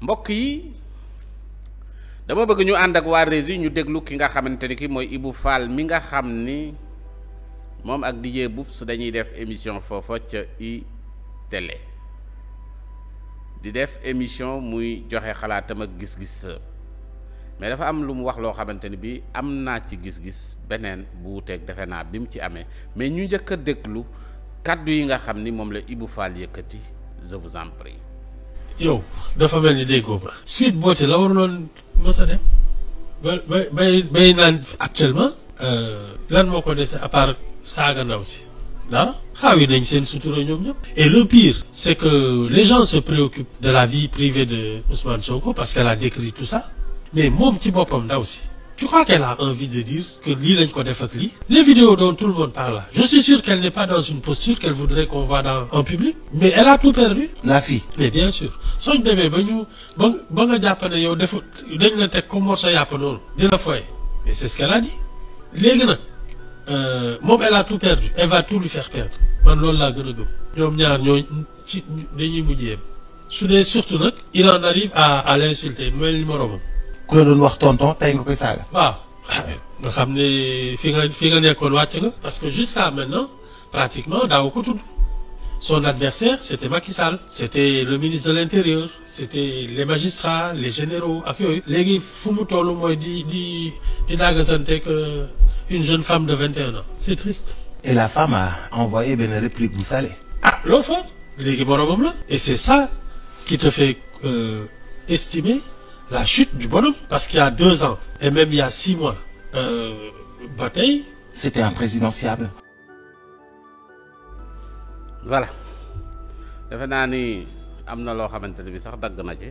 mbokk yi dama bëgg ñu ànd ak waa Rési ñu déglu ki nga xamante ni ki mooy Ibou Fall mi nga xam ni moom ak DJ Boubs dañuy def émission foofa ca i télé di def émission muy joxe xalaatam ak gis-gis mais dafa am lu mu wax loo xamante ni bi am naa ci gis-gis beneen bu wuteeg defe naa bi mu ci amee mais ñu njëkk a déglu kàddu yi nga xam ni moom la Ibou Fall yëkkati je vous en yow dafa mel ni déggoo ba Sweet Beauté la waroon lool a dem ba bay bay naan actuellement euh, lan moo ko dese à part saaga ndaw si dara ah, xaawi nañ seen sutura ñoom ñëpp et le pire c'est que les gens se préoccupent de la vie privée de Ousmane Sonko parce qu'elle a décrit tout ça mais moom ci boppam ndaw si je crois qu'elle a envie de dire que lii lañ ko def ak lii les vidéos dont tout le monde parle je suis sûr qu'elle n'est pas dans une posture qu'elle voudrait qu'on dans en public mais elle a tout perdu la fille mais bien sûr sooñ demee ba ñu ba ba nga jàpp ne yow defu dañ la teg comme morso yàpp noonu la fooye mais c'est ce qu'elle a dit léegi nag euh, moom elle a tout perdu elle va tout lui faire perdre man loolu laa gën a gëm ñoom ñaar ñoo ci dañuy mujjee su dee surtout nag à à l'insulter mel ni ku la doon wax tonton tey nga koy saaga. waaw nga xam ne fi nga fi nga nekkoon wàcc nga parce que jusqu'à maintenant pratiquement daaw ko tudd son adversaire c' était Macky Sall c' était le ministre de l' intérieur c' était les magistrats les généraux ak yooyu. léegi fu mu toll mooy di di di daggasanteeg euh, une jeune femme de 21 ans c' triste. et la femme a envoyé benn réplique bu salé. ah loo fa léegi boromam la. et c' est ça qui te fait euh, la chute du bonhomme. Parce qu'il y a deux ans, et même il six mois, euh, bataille. un présidentiable. voilà defe naa ni am na loo xamante ne bi sax dagg na ci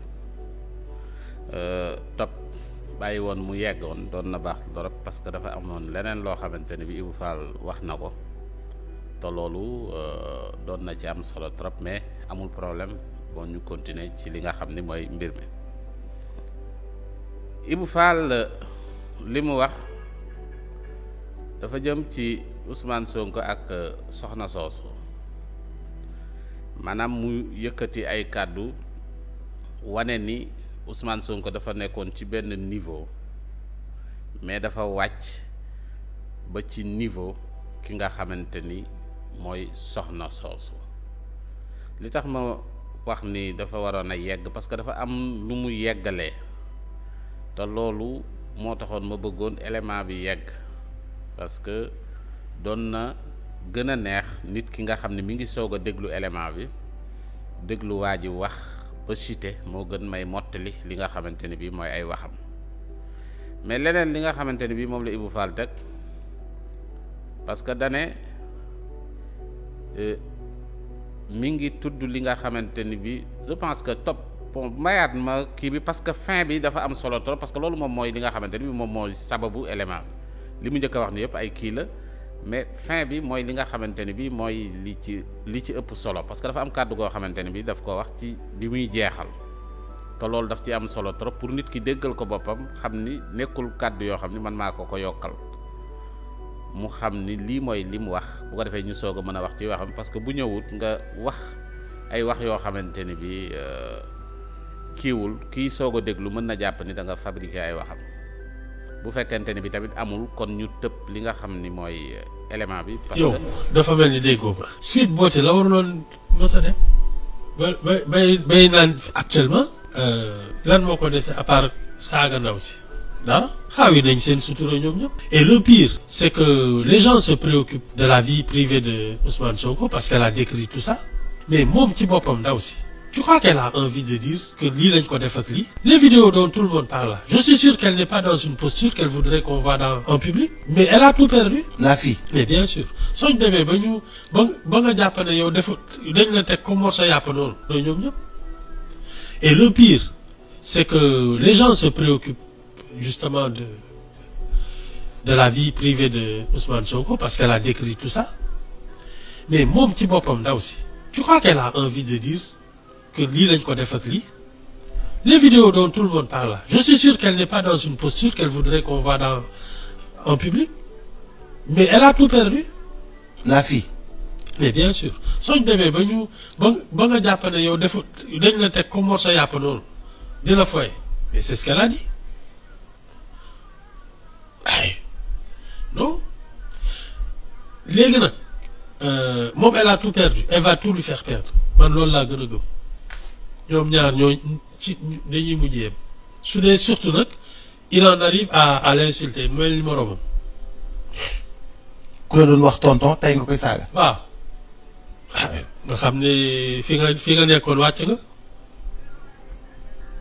euh, topp bàyyi woon mu yeggoon doon na baax torop parce que dafa amoon leneen loo xamante ne bi Ibou Fall wax na ko te loolu euh, doon na ci am solo trop mais amul problème bon ñu continuer ci li nga xam ni mooy mbir mi. Ibou Fall li mu wax dafa jëm ci Ousmane Sonko ak euh, soxna soosu maanaam mu yëkkati ay kàddu wane ni Ousmane Sonko dafa nekkoon ci benn niveau mais dafa wàcc ba ci niveau ki nga xamante ni mooy soxna soosu li tax ma wax ni dafa waroon a yegg parce que dafa am lu mu yeggalee loolu moo taxoon ma bëggoon élément bi yegg parce que doon na gën a neex nit ki nga xam ne mi ngi soog a déglu élément bi déglu ji wax ba cité moo gën may mottali li nga xamante ni bii mooy ay waxam mais leneen li nga xamante ni bii moom la Ibou Fall teg parce que dane euh, mi ngi tudd li nga xamante ni bii je pense que topp bon mayaat ma kii bi parce que fin bi dafa am solo trop parce que loolu moom mooy li nga xamante ni bi moom mooy sababu élément li mu njëkk wax ni yëpp ay kii la mais fin bi mooy li nga xamante ni bi mooy li ci li ci ëpp solo parce que dafa am kàddu goo xamante ni bi daf ko wax ci bi muy jeexal te loolu daf ci am solo trop pour nit ki déggal ko boppam xam ni nekkul kàddu yoo xam ni man maa ko ko yokkal mu xam ni lii mooy li mu wax bu ko defee ñu soog a mën a wax ci waxam parce que bu ñëwut nga wax ay wax yoo xamante ni bi euh, kiiwul kii soog a déglu mën na jàpp ni da nga fabriqué ay waxam bu fekkente ni bi tamit amul kon ñu tëb li nga xam ni mooy euh, élément bi. parce que yow dafa mel ni déggoo ba. suite boote la waroon mës a dem ba ba bay bay naan actuellement. Euh, lan moo ko dese à part saaga ndaw si. dara ah, xaawi nañ seen sutura ñoom ñëpp. et le pire. c'est que les gens se préoccupent de la vie privée de Ousmane Sonko parce qu'elle a décrit tout ça mais moom ci boppam ndaw si. je crois qu'elle a envie de dire que lii lañ ko def ak lii les vidéos dont tout le monde parle là je suis sûr qu'elle n'est pas dans une posture qu'elle voudrait qu'on dans en public mais elle a tout perdu la fille mais bien sûr sooñ demee ba ñu ba ba nga jàpp ne yow defu la teg comme morceau yàpp noonu da ñoom et le pire c'est que les gens se préoccupent justement de de la vie privée de Ousmane Sonko parce qu'elle a décrit tout ça mais moom ci boppam ndaw si tu crois qu'elle a envie que lii lañ ko def ak lii les vidéos dont tout le monde parle je suis sûr qu'elle n'est pas dans une posture qu'elle voudrait qu'on voit dans en public mais elle a tout perdu la fille mais bien sûr sooñ demee ba ñu ba nga jàpp yow defu dañ la teg comme morso yàpp noonu di la fooye mais c'est ce qu'elle a dit ay non léegi nag euh, moom elle a tout perdu elle va tout lui faire perdre man loolu laa gën a gëm ñoom ñaar ñoo ci mu mujjee su dee surtout nag il en arrive à à l'insulter mel ni moroomam. ku la doon wax tonton tey nga koy saaga. waaw nga xam ne fi nga fi nga nekkoon wàcc nga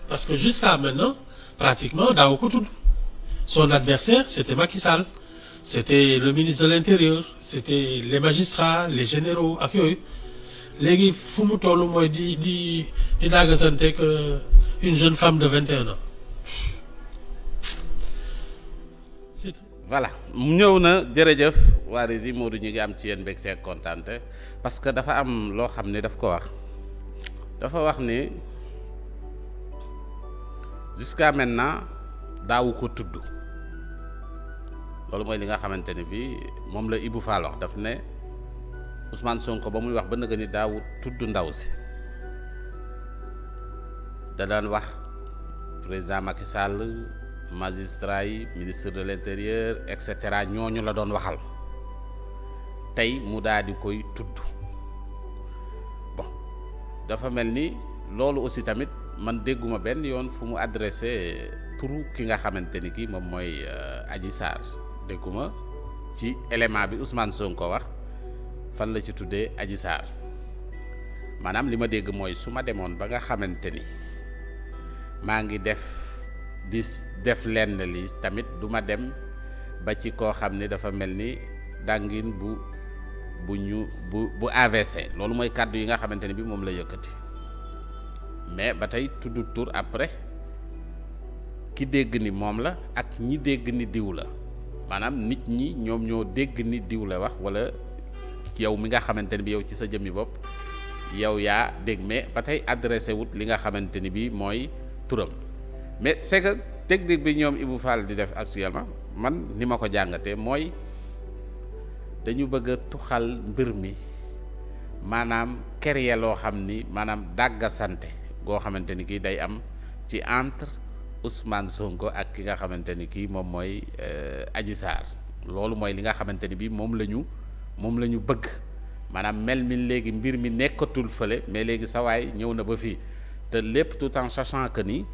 parce que jusqu'à maintenant pratiquement daaw ko tudd son adversaire c'était Macky Sall c'était le ministre de l'Intérieur c'était les magistrats les généraux ak yooyu. léegi fu mu toll mooy di di di daggasanteeg euh, une jeune femme de 21 ans. voilà ñëw na jërëjëf waa moo du ñu ngi am ci yéen mbégte ak kontante parce que dafa am loo xam ne daf ko wax dafa wax ni jusqu'à maintenant daawu ko tudd loolu mooy li nga xamante ni bi moom la Ibou Fall wax daf ne. Ousmane Sonko ba muy wax ba nëgë ni daawu tudd ndaw si da daan wax président Macky Sall magistrat yi ministre de l'intérieur et cetera ñu la doon waxal tey mu daal di koy tudd bon dafa mel ni loolu aussi tamit man dégguma benn yoon fu mu adressé turu ki nga xamante ni ki moom mooy euh, Adji Sarr dégguma ci élément bi son Sonko wax. fan la ci tuddee Adji Sarr maanaam li ma dégg mooy su ma demoon ba nga xamante ni maa ngi def di def lenn li tamit du ma dem ba ci koo xam ni dafa mel ni dàngin bu bu ñu bu bu AVC loolu mooy kàddu yi nga xamante ni bi moom la yëkkati mais ba tey tudd tur après ki dégg ni moom la ak ñi dégg ni diw la maanaam nit ñi ñoom ñoo dégg ni diw la wax walla yow mi nga xamante ni bi yow ci sa jëmmi bopp yow yaa dégg mais ba tey adressé wut li nga xamante ni bi mooy turam mais c'est que technique bi ñoom Ibou Fall di def actuellement man ni ma ko jàngatee mooy dañu bëgg a tuxal mbir mi maanaam créer loo xam ni maanaam dàggasante goo xamante ni kii day am ci entre Ousmane Sonko ak ki nga xamante ni kii moom mooy euh, Adji Sarr loolu mooy li nga xamante ni bi moom la ñu moom la ñu bëgg maanaam mel mi léegi mbir mi nekkatul fële mais léegi sa waay ñëw na ba fii te lépp tout en sachant que ni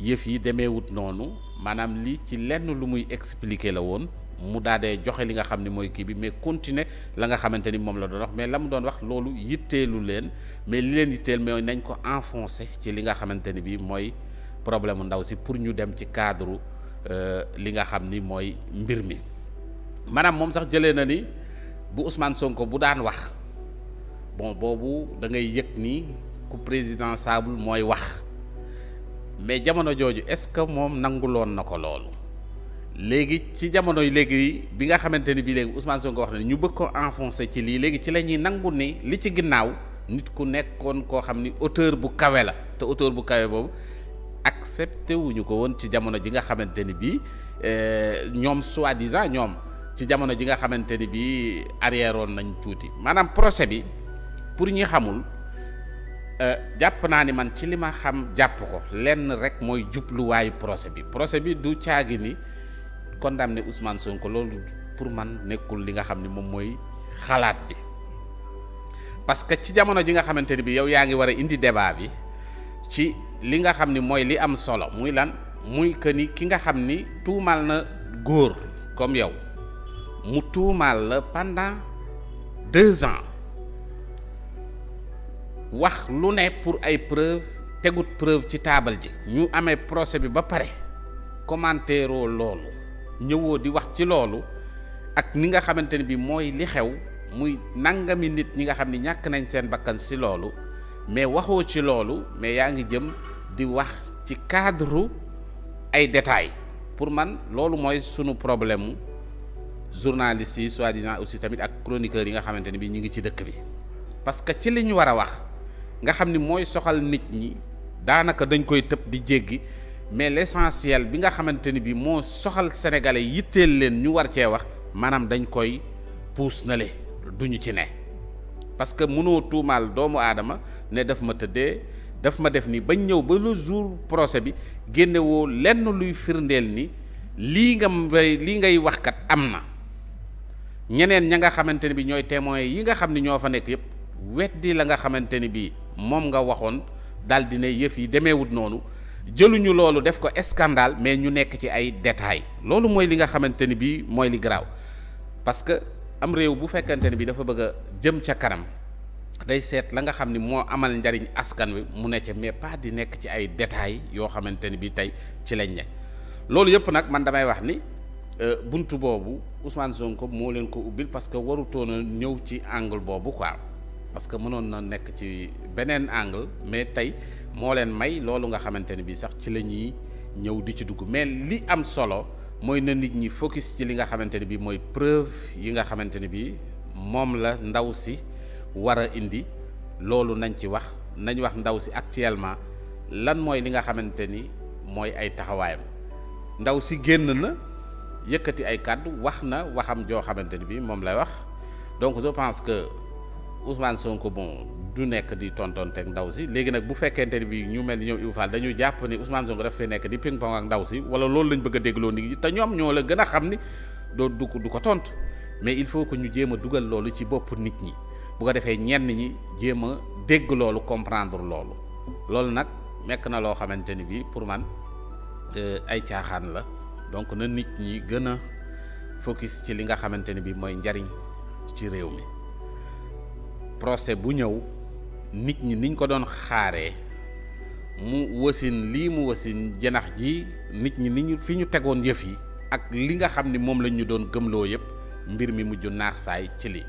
yëf yi demeewut noonu maanaam li ci lenn lu muy expliquer la woon mu daadee joxe li nga xam ni mooy kii bi mais continuer la nga xamante ni moom la doon mais la mu doon wax loolu yitteelu leen mais li leen yitteel mooy nañ ko enfoncé ci li nga xamante ni bii mooy problème ndaw si pour ñu dem ci cadre euh, li nga xam ni mooy mbir mi maanaam moom sax jële na ni. bu Ousmane Sonko bu daan wax bon boobu da ngay yëg ni ku présidentiable mooy wax mais jamono jooju est-ce que moom nanguloon na ko loolu léegi ci jamono yi léegi bi nga xamante ni bii léegi Ousmane Sonko wax ne ñu bëgg ko enfoncé ci lii léegi ci la ñuy nangu ni li ci ginnaaw nit ku nekkoon koo xam ni auteur bu kawe la te auteur bu kawe boobu accepté wuñu ko woon ci jamono ji nga xamante ni bii euh, ñoom soit disant ñoom. ci jamono ji nga xamante ni bii arrière woon nañ tuuti maanaam procès bi pour ñi xamul euh, jàpp naa ni man ci li ma xam jàpp ko lenn rek mooy jubluwaayu procès bi procès bi du caagi ni kon dam condamné Ousmane Sonko loolu pour man nekkul li nga xam ni moom mooy xalaat bi parce que ci jamono ji nga xamante ni bi yow yaa ngi war a indi débat bi ci li nga xam ni mooy li am solo muy lan muy que ni ki nga xam ni tuumal na góor comme yow mu tuumaal la pendant deux ans wax lu ne pour ay preuve tegut preuve ci taabal ji ñu amee procès bi ba pare commentéeroo loolu ñëwoo di wax ci loolu ak ni nga xamante ne bi mooy li xew muy nangami nit ñi nga xam ni ñàkk nañ seen bakkan si loolu mais waxoo ci loolu mais yaa ngi jëm di wax ci cadre ay détails pour man loolu mooy sunu problème journalistes yi soi-disant aussi tamit ak chroniqueurs yi nga xamante ne bi ñu ngi ci dëkk bi parce que ci li ñu war a wax nga xam ni mooy soxal nit ñi daanaka dañ koy tëb di jéggi mais l'essentiel bi nga xamante ni bi moo soxal sénégalais yitteel leen ñu war cee wax maanaam dañ koy puus na le duñu ci ne parce que mënoo tuumaal doomu aadama ne daf ma tëddee daf ma def ni bañ ñëw ba le jour procès bi génnewoo lenn luy firndeel ni lii nga lii ngay wax kat am na ñeneen ña nga xamante ni bi ñooy témoins yi nga xam ni ñoo fa nekk yëpp weddi la nga xamante ni bi moom nga waxoon daal di ne yëf yi demeewut noonu jëluñu loolu def ko scandale mais ñu nekk ci ay détails loolu mooy li nga xamante ni bi mooy li garaaw parce que am réew bu fekkante ni bi dafa bëgg jëm ca kanam day seet la nga xam ni moo amal njariñ askan wi mu ne ca mais pas di nekk ci ay détails yoo xamante ni bi tey ci lañ ne loolu yëpp nag man damay wax ni euh, buntu boobu Ousmane Sonko moo leen ko ubbil parce que warutoon ñëw ci angle boobu quoi parce que mënoon na nekk ci beneen angle mais tey moo leen may loolu nga xamante ne bii sax ci la ñuy ñëw di ci dugg mais li am solo mooy na nit ñi focus ci li nga xamante ne bii mooy preuve yi nga xamante ne bii moom la ndaw si war a indi loolu nañ ci wax nañ wax ndaw si actuellement lan mooy li nga xamante ni mooy ay taxawaayam ndaw si génn na. yëkkati ay kàddu wax na waxam joo xamante ni bi moom lay wax donc je pense que Ousmane Sonko bon du nekk di tontonte ak ndaw si léegi nag bu fekkente ni bi ñu mel ni ñoom Ibou Fall dañu jàpp ni Ousmane Sonko daf fi nekk di ping pong ak ndaw si wala loolu lañ bëgg a dégloo nit ñi te ñoom ñoo la gën a xam ni doo du du ko tontu mais il faut que ñu jéem a dugal loolu ci bopp nit ñi bu ko defee ñenn ñi jéem a dégg loolu comprendre loolu loolu nag nekk na loo xamante ni bi pour man euh, ay caaxaan la donc na nit ñi gën a focus ci li nga xamante ni bi mooy njariñ ci réew mi procès bu ñëw nit ñi niñ ko doon xaaree mu wasin lii mu wasin janax ji nit ñi ni ñu fi ñu tegoon yëf yi ak li nga xam ni moom lañ ñu doon gëmloo yëpp mbir mi mujj naax saay ci li